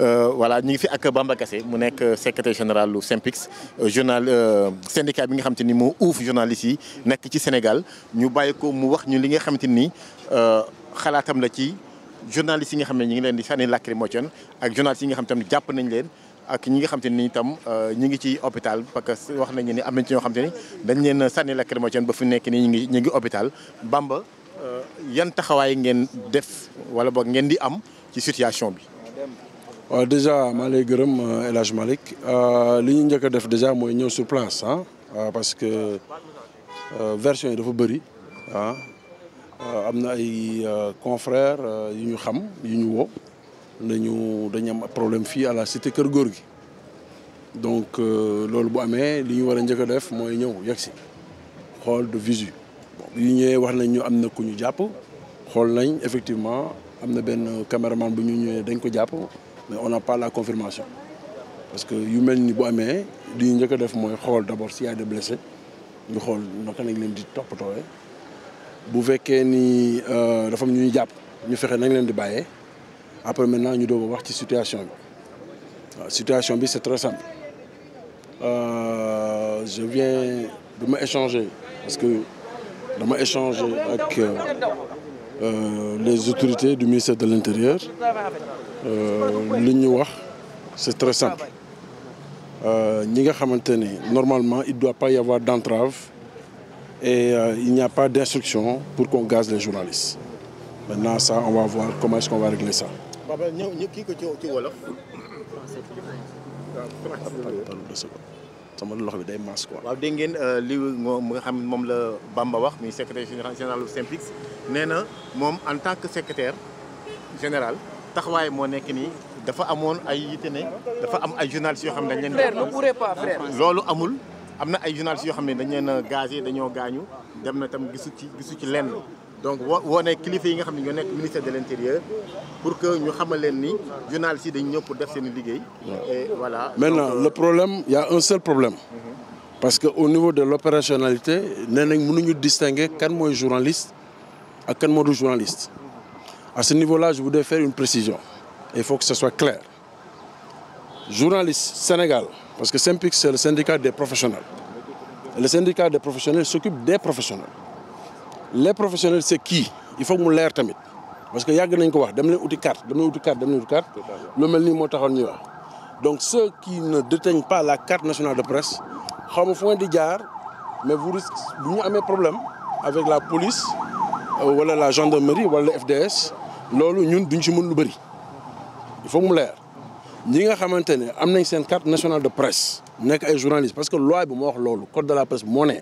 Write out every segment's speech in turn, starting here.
Euh, voilà ñu ngi fi ak Bamba Kassé mu nekk euh, secrétaire général lu SYNPICS euh, journal syndicat bi nga xamante ni mu uuf journaliste yi nekk ci Sénégal ñu bàyyi ko mu wax ñu li nga xamante ni xalaatam la ci journaliste yi nga xam ne ñu ngi leen di sànni lacrymogène ak journaliste yi nga xam tamit jàpp nañ leen ak ñi nga xam te ni tam ñi ngi ci hôpital parce wax nañu ni am nañ ci ñoo xam ni dañ leen sànni lacrymogène ba fi nekk nii ñu ngi ñu ngi hôpital Bamba yan taxawaay ngeen def wala boog ngeen di am ci situation bi. waaw euh, déjà maa lay gërëm euh, El Hadj euh, li ñu njëkk a def déjà mooy ñëw sur place parce que version yi dafa bëri ah am na ay confrères yu ñu xam yu ñu woo nañu dañu am problème fii à la cité Kër Góor gi donc loolu bu amee li ñu war a def mooy ñëw yegg si xool de visu yu ñëwee wax nañ ñu am na ku ñu jàpp xool nañ effectivement am na benn caméraman bu ñu ñëwee dañ ko jàpp. mais on n'a pas la confirmation parce que yu mel ni bu amee li njëkka def mooy xool d'abord s'il y a des blessés ñu xool naka nañ leen di toppatooyee bu fekkee ni euh, dafa am ñuy jàpp ñu fexe nañ leen di bàyyee après maintenant ñu doog a wax ci situation bi waaw situation bi c'est très simple euh, je viens dama échanger parce que dama échanger ak. Euh, Euh, les autorités du ministère de l'Intérieur euh, li ñu wax c'est très simple euh, ñi nga xamante ne normalement il doit pas y avoir d'entrave et euh, il n'y a pas d'instruction pour qu'on gaze les journalistes maintenant ça on va voir comment est-ce qu'on va régler ça. sama loxo bi day maas quoi. waaw dégg ngeen euh, li mu nga xam moom la Bamba wax muy secrétaire général bu Synpics nee na moom en tant que secretaire général taxawaay moo nekk nii dafa amoon ay yitte ne dafa am ay journalistes yoo xam ne dañ leen. frère ne courez loolu amul am na ay journalistes yoo xam ne dañ leen a gazé dañoo gaañu dem na tam gisu ci gisu ci lenn. donc woo ne kilifa yi nga xam ne ñoo nekk ministère de l' intérieur pour que ñu xamal leen ni journalistes dañ ñëw pour def seen liggéey. et voilà. maintenant euh, le problème il y a un seul problème. parce que au niveau de l' opérationnalité nee nañ mënuñu distinguer kan mooy journaliste ak kan moo du journaliste. à ce niveau là je voudrais faire une précision. il faut que ce soit clair journaliste Sénégal parce que SYNPICS c'est le syndicat des professionnels le syndicat des professionnels s'occupe des professionnels. les professionnels c'est kii il faut mu leer tamit parce que yàgg nañ ko wax dem leen uti carte dem leen uti carte lu mel nii moo taxoon ñuy wax donc ceux qui ne détiennent pas la carte nationale de presse xaw ma fu di jaar mais vous risquez bu ñu amee problème avec la police euh, wala la gendarmerie wala la FDS loolu ñun duñ ci mën lu bëri il faut mu leer ñi nga xamante ne am nañ seen carte nationale de presse nekk ay journalistes parce que loi bi moo wax loolu code de la moo ne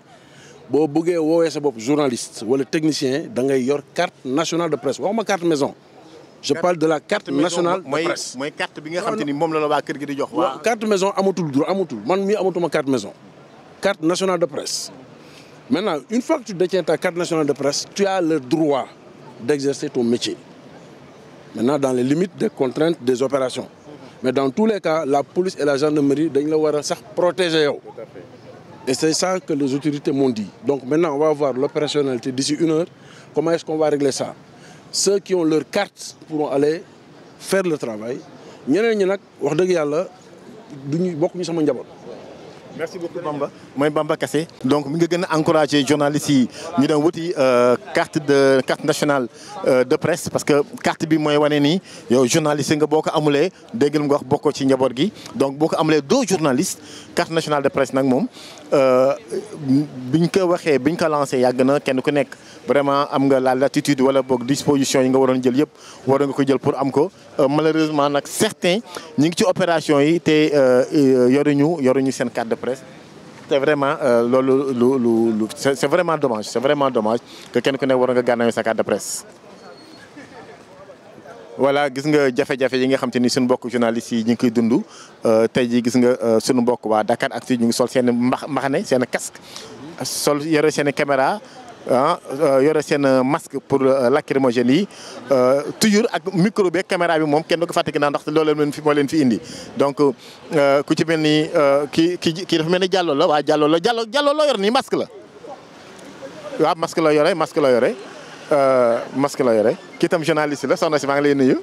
boo bëggee woowee sa bopp journaliste wala technicien da ngay yor carte nationale de presse waxuma carte maison. je parle de la carte nationale de presse mooy carte bi nga xam te ni moom la la waa kër gi di jox. waaw carte maison amatul droit amatul man mii amatuma carte maison. carte nationale de presse. maintenant une fois que carte nationale de presse tu as le droit d'exercer ton métier maintenant dans les limites des contraintes des opérations mais dans tous les cas la police et la gendarmerie dañ la war a sax protéger Et c'est ça que les autorités m'ont dit. Donc maintenant, on va voir l'opérationnalité d'ici une heure. Comment est-ce qu'on va régler ça Ceux qui ont leur carte pourront aller faire le travail. ñeneen ñi nag wax dëgg yàlla duñu bokk ñu sama njaboot. merci beaucoup mooy Bamba Kassé donc mi nga gën a encouragé journalistes yi ñu dem wuti euh, carte de carte nationale euh, de presse parce que carte bi mooy wane nii yow journaliste nga boo ko amulee dégg nga wax bokkoo ci njaboot gi donc boo ko amulee doo journaliste carte nationale de presse nag moom euh, biñ ko waxee biñ ko lancé yàgg na kenn ku nekk vraiment am nga la latitude wala boog disposition yi nga waroon jël yëpp waroon nga ko jël pour am ko malheureusement nag certains ñi ngi ci opération yi te yoruñu yoruñu seen carte presse c'est vraiment euh, loolu lu lu lu c'est vraiment dommage c'est vraiment dommage que kenn ku ne war nga gànnaaw sa de presse. voilà gis nga jafe-jafe yi nga xam te ni suñu mbokk journalistes yi ñu ngi koy dund euh, tey jii gis nga euh, sunu mbokk waa Dakar ak si ñu ngi sol seen mbaxane seen casque. sol yore seen caméra. ah euh, yore seen euh, masque pour euh, lacrymogène yi toujours ak microbe beeg bi moom kenn du ko fàtte ginnaaw ndax fi moo leen fi indi donc ku ci mel ni ki ki kii dafa mel ni Diallo la waa Diallo la Diallo Diallo loo yor la waaw la yore masque la yore masque la yore kii tam journaliste la soxna si maa ngi lay nuyu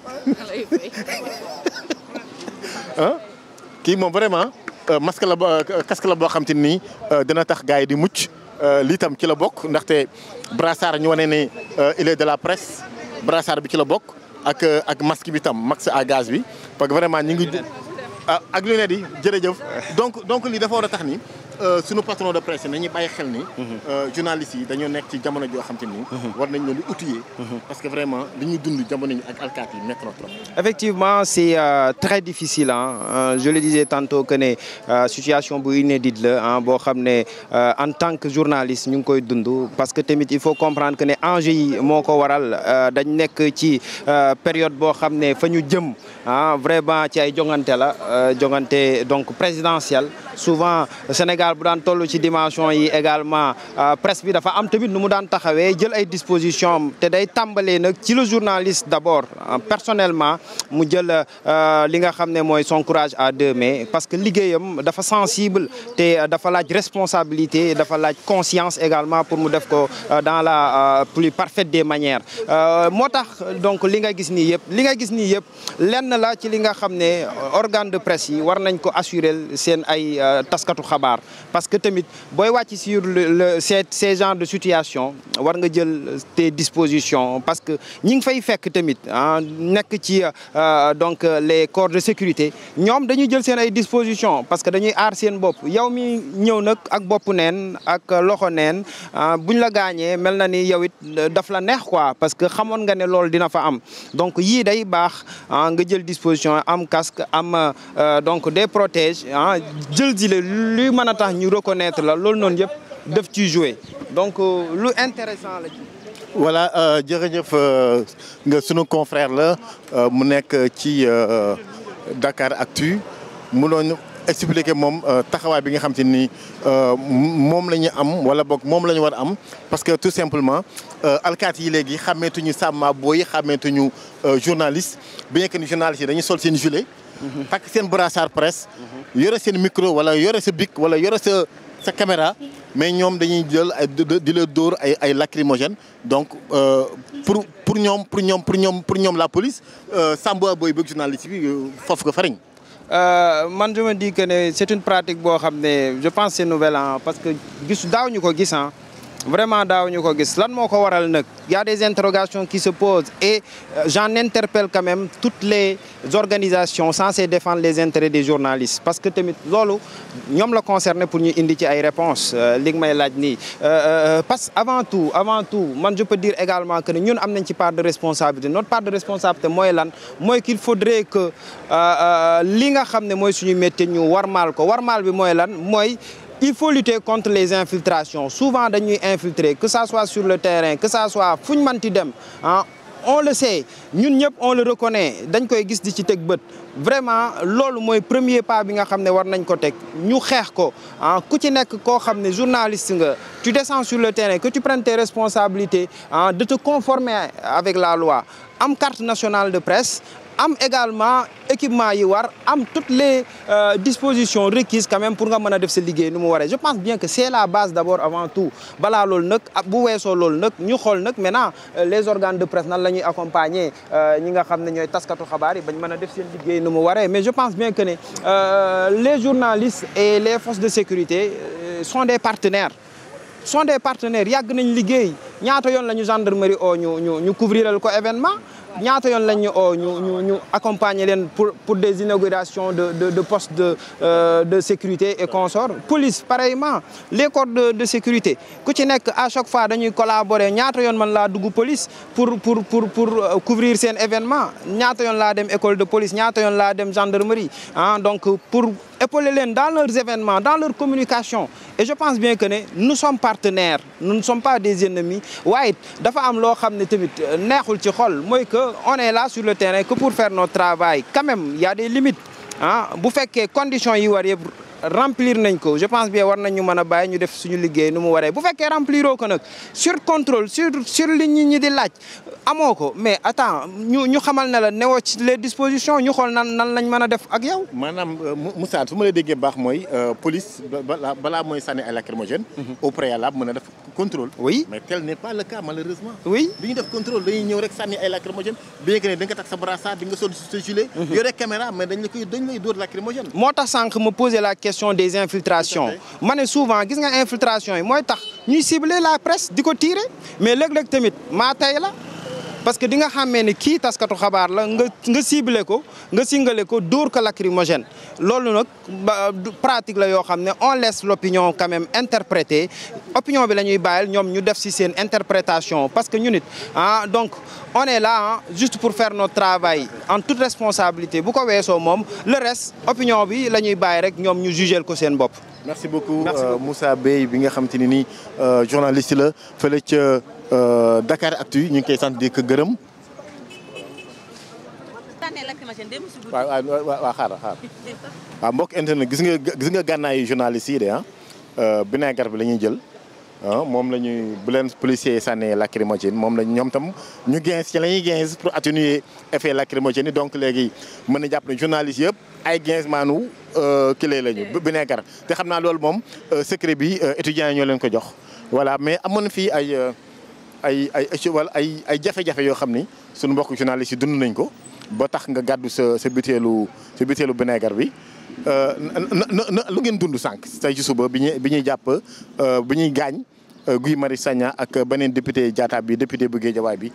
ah kii moom vraiment masque la casque la boo xam te ni dina tax gars yi di mucc. Euh, lii tam ci la bokk ndaxte brassard ñu wane ne euh, il est de la presse brassard bi ci la bokk ak euh, ak masque bi itam max à gaz bi parce que vraiment ñu ngi. Ah, ak lunettes yi jërëjëf donc donc lii dafa war a tax ni. Euh, suñu patron de presse nañu bàyyi xel ni. Euh, journalistes yi dañoo nekk ci jamono joo xam te ni. Mhm. war nañ leen di outiller. Mhm. parce que vraiment li ñu dund jamono yi ak alkaat yi métti na effectivement c'est euh, très difficile je le disais tantôt que ne situation bu inédite la ah boo xam ne en tant que journaliste ñu ngi koy dund parce que tamit il faut comprendre que ne en yi moo ko waral dañ nekk ci période boo xam ne fa ñu jëm ah vraiment ci ay jongante la jongante donc présidentielle Sénégal bu daan toll ci dimension yi également euh, presse bi dafa am tamit nu mu daan taxawee jël ay disposition te day tàmbalee nag ci le journaliste d'abord personnellement mu jël euh, li nga xam ne mooy son courage à deux mains parce que liggéeyam dafa sensible te dafa laaj responsabilité dafa laaj conscience également pour mu def ko euh, dans la plus parfaite des manières moo tax donc li nga gis nii yëpp li nga gis nii yëpp lenn la ci li nga xam ne organe de presse yi war nañ ko assurer seen ay taskatu xabaar parce que tamit booy wàcc sur le ces ces genre de situation war nga jël tes disposition parce que ñi ngi fay fekk tamit ah nekk ci euh, euh, donc euh, les corps de sécurité ñoom dañuy jël seen ay disposition parce que dañuy aar seen bopp yow mi ñëw nag ak bopp neen ak loxo neen ah, buñ la gaañee mel na ni yow it daf la neex quoi parce que xamoon nga ne loolu dina fa am donc yii day baax ah, nga jël disposition am casque am donc des protège ah jël di la luy mën tax ñu reconnaître la loolu noonu yëpp def ci jouer donc euh, lu intéressant la ci voilà euh, jërëjëf euh, nga sunu confrère la mu nekk ci dakaar Actu mu doon expliquer moom taxawaay bi nga xam te ni moom la am wala boog moom la ñu war am parce que tout simplement alkaati yi léegi xàmmeetuñu sàmma booy xàmmeetuñu journaliste bien que ni journaliste yi dañuy sol seen gilet takk seen brassard presse. yore seen micro wala yore sa bic wala yore sa sa mais ñoom dañuy jël ay di la dóor ay ay lacrymogène donc euh, pour pour ñoom pour ñoom pour ñoom pour ñoom la police euh, Samba Boye bëgg journaliste bi euh, foofu ko fariñ euh, man je me dis que ne c'est une pratique boo xam ne je pense c'est nouvel parce que gis daaw ñu ko gis vraiment daaw ñu ko gis lan moo ko waral nag y a des interrogations qui se posent et euh, j'en interpelle quand même toutes les organisations censées défendre les intérêts des journalistes parce que tamit loolu ñoom la concerné pour ñu indi ci ay réponses euh, li nga may laaj nii euh, parce que avant tout man je peux dire également que ñun am nañ ci part de responsabilité notre part de responsabilité mooy lan mooy qu'il faudrait que li nga xam ne mooy suñu métier ñu warmaal ko warmaal bi mooy lan mooy il faut lutter contre les infiltrations souvent dañuy infiltrer que ça soit sur le terrain que ça soit fu ñu manti dem on le sait ñun ñëpp on le reconnaît dañ koy gis di ci teg bët vraiment loolu mooy premier pas bi nga xam ne war nañ ko teg ñu xeex ko ah ku ci nekk koo xam ne journaliste nga tu descends sur le terrain que tu prennes tes responsabilités ah de te conformer avec la loi am carte nationale de presse am également équipement yi war am toutes les euh, dispositions requises quand même pour nga mën a def sa liggéey nu mu waree je pense bien que c'est la base d'abord avant tout balaa loolu nag bu weesoo loolu nag ñu xool nag maintenant euh, les organes de presse nan la ñuy accompagner euh, ñi nga xam ne ñooy taskatu xabaar yi bañ mën a def seen liggéey nu mu waree mais je pense bien que ne les journalistes et les forces de sécurité son des partenaires sont des partenaires yàgg nañ liggéey ñaata yoon lañu ñu gendarmerie oo ñu ñu ñu couvriral ko événement. ñaata yoon lañ ñu oo ñu ñu ñu accompagner leen pour pour des inaugurations de de de postes de euh, de sécurité et consorts police pareillement les corps de de sécurité ku ci nekk à chaque fois dañuy collaborer ñaata yoon man laa dugu police pour pour pour pour euh, couvrir seen événement ñaata yoon laa dem école de police ñaata yoon laa dem gendarmerie ah donc pour épole leen dans leurs événements dans leur communication et je pense bien que partenaires nous ne sommes pas des ennemis waaye dafa am loo xam ne tamit euh, neexul ci xol mooy que on est là sur le terrain que pour faire notre travail quand même il y des limites ah bu fekkee conditions yi war yëpp remplir nañ ko je pense bien war nañu mën a bàyyi ñu def suñu liggéey nu mu waree bu fekkee rempliroo ko nag sur contrôle sur sur li di laaj amoo ko mais attends ñu ñu xamal ne la newoo ci les dispositions ñu xool na nan lañ a def ak yow. maanaam euh, Moussa su ma la déggee baax mooy euh, police balaa mooy sànni ay lacrymogène. Mhm. au préalable mën a def contrôle. oui mais tel n'est pas le cas malheureusement. bi ñu def contrôle dañuy takk sa brassard di sol sa gilet. Mhm. moo tax sànq ma posé la question question des infiltrations ma ne souvent gis nga infiltration yi mooy tax ñuy cibler la presse di ko tirer mais léeg-léeg tamit maa tey la parce que di nga xàmmee ne kii taskatu xabaar la nga nga ciblé ko nga singale ko dóor ko lacrymogène loolu nag pratique la yoo xam ne on laisse l'opinion quand même interpréter opinion bi la ñuy bàyyil ñoom ñu def ci seen interprétation parce que ñu nit ah donc on est là juste pour faire notre travail en toute responsabilité bu ko weesoo moom le reste opinion bi la ñuy bàyyi rek ñoom ñu jugeel ko seen bopp merci beaucoup euh, Moussa Bey bi nga xam te ne nii euh, journaliste la fële Euh, Dakaractu ñu ngi koy sant di ko gërëm. waa xaaral xaaral waaw mbokk internet gis nga gis nga gànnaayu journaliste yi de ah. vinaigre euh, bi la ñuy jël ah, moom la ñuy bu leen policier sànnee lacrymogène moom la ñoom tam ñu gens ci la ñuy gens pour atténuer effet lacrymogène yi donc léegi mën na jàpp ne journaliste yëpp ay gens maanu euh, kilee la ñu vinaigre te xam naa loolu moom secret bi étudiants ñoo leen ko jox voilà mais amoon fii ay ay wala ay ay jafe-jafe yoo xam ni suñu mbokk journaliste yi dund nañ ko ba tax nga gàddu sa sa butéelu sa butéelu vinaigre bi euh, na lu ngeen dund sànq tey ci suba bi ñuy bi ñuy jàpp euh, bi ñuy gaañ euh, Guy mari Sagna ak beneen député Diatta bi député bu jawaay bi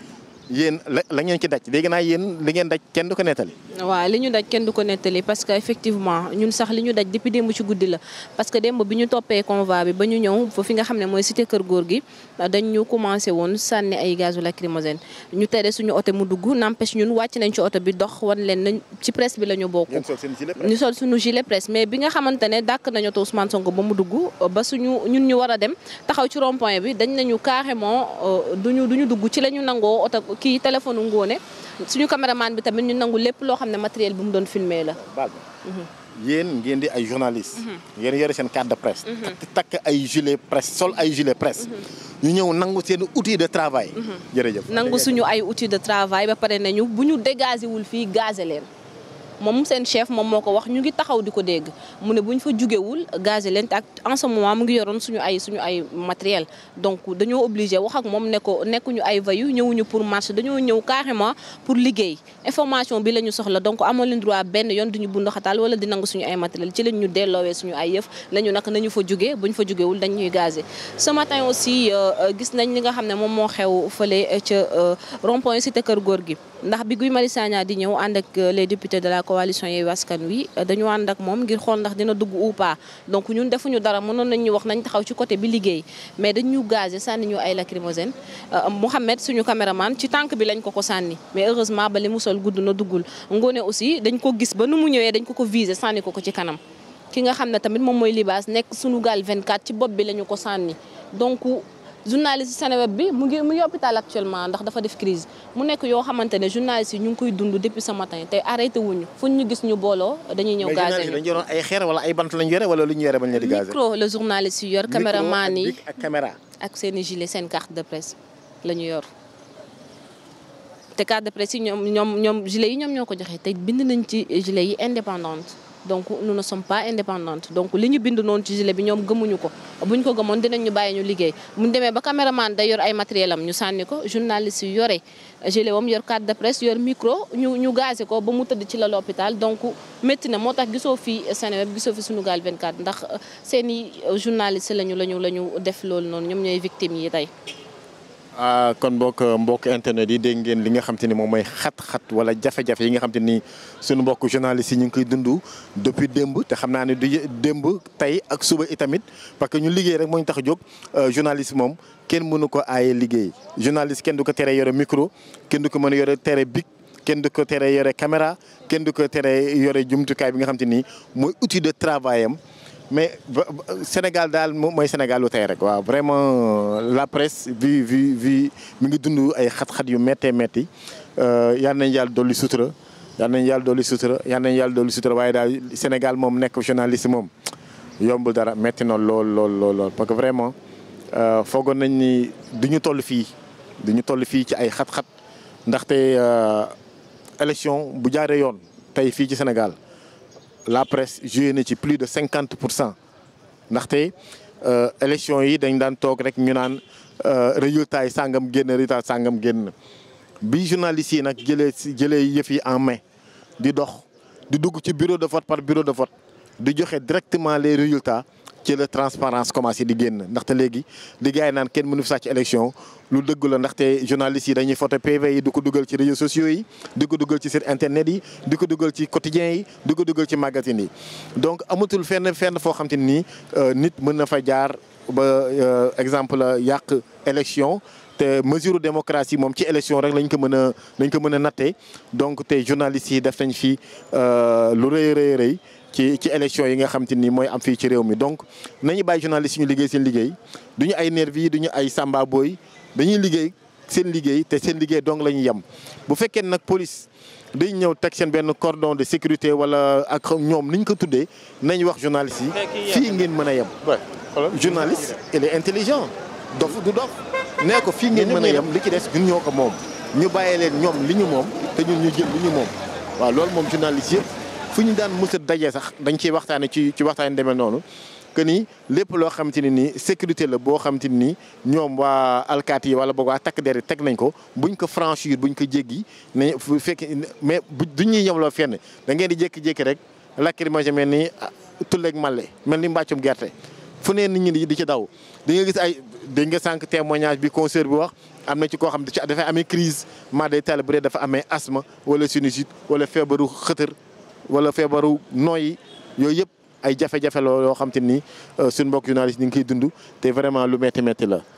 yéen la la ngeen ci daj léegi naa yéen li ngeen daj kenn du ko nettali. waaw li ñu daj kenn du ko nettali parce que effectivement ñun sax li ñu daj depuis démb ci guddi la parce que démb bi ñu toppee convoi bi ba ñu ñëw fa fi nga xam ne mooy cité kër góor gi dañ ñu commencé woon sànni ay gazu lacrymogène ñu tere suñu oto mu dugg n'empêche ñun wàcc nañ ci oto bi dox wan leen ci presse bi la ñu bokk. ñu sol suñu gilet presse mais bi nga xamante dàkk nañu a kii téléphone ngóone suñu caméraman bi tamit ñu nangu lépp loo xam ne matériel bi mu doon filmé la. baal mhm. ngeen di ay journaliste. ngeen mhm. yore seen carte de presse. Mhm. takk ay gilet presse sol ay gilet presse. ñu ñëw nangu seen outil de travail. jërëjëf nangu suñu ay outil de travail ba pare nañu bu ñu dégagé wul fii gazé leen. moom seen chef moom moo ko wax ñu ngi taxaw di ko dégg mu ne bu ñu fa jugewul gazé leen te ak en ce moment mu ngi yoroon suñu ay suñu ay matériel donc dañoo obligé wax ak moom ne ko nekkuñu ay vayu ñëwuñu pour marche dañoo ñëw carrément pour liggéey information bi la ñu soxla donc amoon leen droit benn yoon duñu bund xataal wala di nangu suñu ay matériel ci lañ ñu delloowee suñu ay yëf nañu naka nañu fa jugee bu ñu fa jugewul dañ ñuy gazé ce matin aussi euh, euh, gis nañ li nga xam ne moom moo xew fële ca euh, rond-point cité kër góor gi ndax bi Guy Marius Sagna di ñëw ànd ak euh, les députés de la coalition Yewwi Askan Wi euh, dañu ànd ak moom ngir xool ndax dina dugg ou pas donc ñun defuñu dara mënoon nañ ñu wax nañ taxaw ci côté bi liggéey mais dañ ñu gazé sànni ñu ay lacrymogène euh, Mouhamed suñu caméraman ci tànk bi lañ ko ko sànni mais heureusement ba li mu sol gudd na duggul ngoone aussi dañ ko gis ba nu mu ñëwee dañ ko ko visé sànni ko ko ci kanam ki nga xam ne tamit moom mooy libaas nekk sunu gaal 24 ci bopp bi la ko sànni journaliste Seneweb bi mu ngi mu ngi hôpital actuellement ndax dafa def crise mu nekk yoo xamante ne journaliste yi ñu ngi koy dund depuis ce matin te arrêté wuñu fu ñu gis ñu booloo dañuy ñëw gazé ñu ay xeer wala ay bant lañu yore wala lu ñu yore bañ leen di gazé micro le journaliste yi yor caméraman yi ak caméra ak seen i gilet seen carte de presse la ñu yor te carte de presse yi ñoom ñoom ñoom gilet yi ñoom ñoo ko joxe te bind nañ ci gilet yi indépendante donc nous ne sommes pas indépendante donc li ñu bind noonu ci gilet bi ñoom gëmuñu ko bu ñu ko gëmoon dinañ bàyyi ñu liggéey mu ñu demee ba caméraman day yor ay matériel am ñu sànni ko journaliste yu yore gilet wam yor carte de presse yor micro ñu ñu gazé ko ba mu tëdd ci la l'hôpital donc mettina moo tax gisoo fi Seneweb gisoo fi Sunugal 24 ndax seeni i journaliste lañu lañu la ñu def loolu noonu ñoom ñooy victimes yi tey Ah, kon mbokk mbokk internet yi dégg ngeen li nga xam ni moom mooy xat-xat wala jafe-jafe yi nga xam te ni mbokk journalistes yi ñu ngi koy dund depuis démb te xam naa ne du démb tey ak suba itamit parce que ñu liggéey rek moo tax a jóg euh, journaliste moom kenn mënu ko aaye liggéey journaliste kenn du ko tere yore micro kenn du ko mën a yore tere bic kenn du ko tere yore caméra kenn du ko tere yore jumtukaay bi nga xam te ni mooy outil de travail mais Sénégal daal moom mooy Sénégalu tey rek waaw vraiment euh, la presse bi vi bi mi ngi dund ay xat-xat yu méttee métti euh, yal nañu yàlla dolli sutura yal nañu yàlla dolli sutura yal nañu yàlla dolli sutura waaye daal Sénégal moom nekk journaliste moom yombul dara métti na lool lool parce que vraiment euh, foogoon nañ ni du ñu toll fii du ñu toll fii ci ay xat-xat ndaxte élection bu jaaree yoon tey fii ci Sénégal. la presse joué na ci plus de cinquante pour cent ndaxte euh, élection yi dañ daan toog rek ñu naan euh, résultat yi sàngam génn résultat sàngam génn bi journalistes yi nag jëlee si jëlee yëf yi en mais di dox di dugg ci bureau de vote par bureau de vote di joxe directement les résultats ci la transparence commencé di génn ndaxte léegi li naan kenn mënu fi sàcc lu dëgg la ndaxte journalistes yi dañuy photo PV yi di ko dugal ci réseaux sociaux yi di ko dugal ci site internet yi di ko dugal ci quotidien yi di ko dugal ci magazine yi donc amatul fenn fenn foo xam te ni euh, nit mën na fa jaar ba euh, exemple yàq élection te mesure démocratie moom ci élection rek lañ ko mën a lañ ko mën a nattee donc te journalistes yi def nañ fi euh, lu rëy rëy rëy ci ci élection yi nga xam te ni mooy am fii ci réew mi donc nañu bàyyi journaliste ñu liggéey seen liggéey du ñu ay nervi du ñu ay samba boy dañuy liggéey seen liggéey te seen liggéey donc la ñuy yem bu fekkee nag police day ñëw teg seen benn cordon de sécurité wala ak ñoom ni ñu ko tuddee nañ wax journaliste yi fii ngeen mën a yem journaliste il est intelligent dof du dof nee ko fii ngeen mën a yem li ci des ñun ñoo ko moom ñu bàyyee leen ñoom li ñu moom te ñun ñu moom waaw loolu moom journaliste yëpp fu ñu daan mës a dajee sax dañ ciy waxtaane ci ci waxtaane demee noonu que ni lépp loo xamante ne nii sécurité la boo xamante ne nii ñoom waa alkaati yi wala boog waa takk der yi teg nañ ko buñ ko franchir buñ ko jéggi ne fu fekk mais bu ñuy yemloo fenn da ngeen di jékki-jékki rek lacrymogène mel ni ah, tulleeg màlle mel ni mbàccum gerte fu ne nit ñi di ci daw di nga gis ay dañ nga sànq témoignage bi concert bi wax am na ci koo xam ne dafay ame crise ma day tali bu dee dafa amee asthme wala sinusite wala feebaru xëtër wala feebaru nooyi yooyu yëpp ay jafe-jafe la yoo xam ni euh, suñ mbokk journaliste ñu ngi koy dund te vraiment lu métti métti la.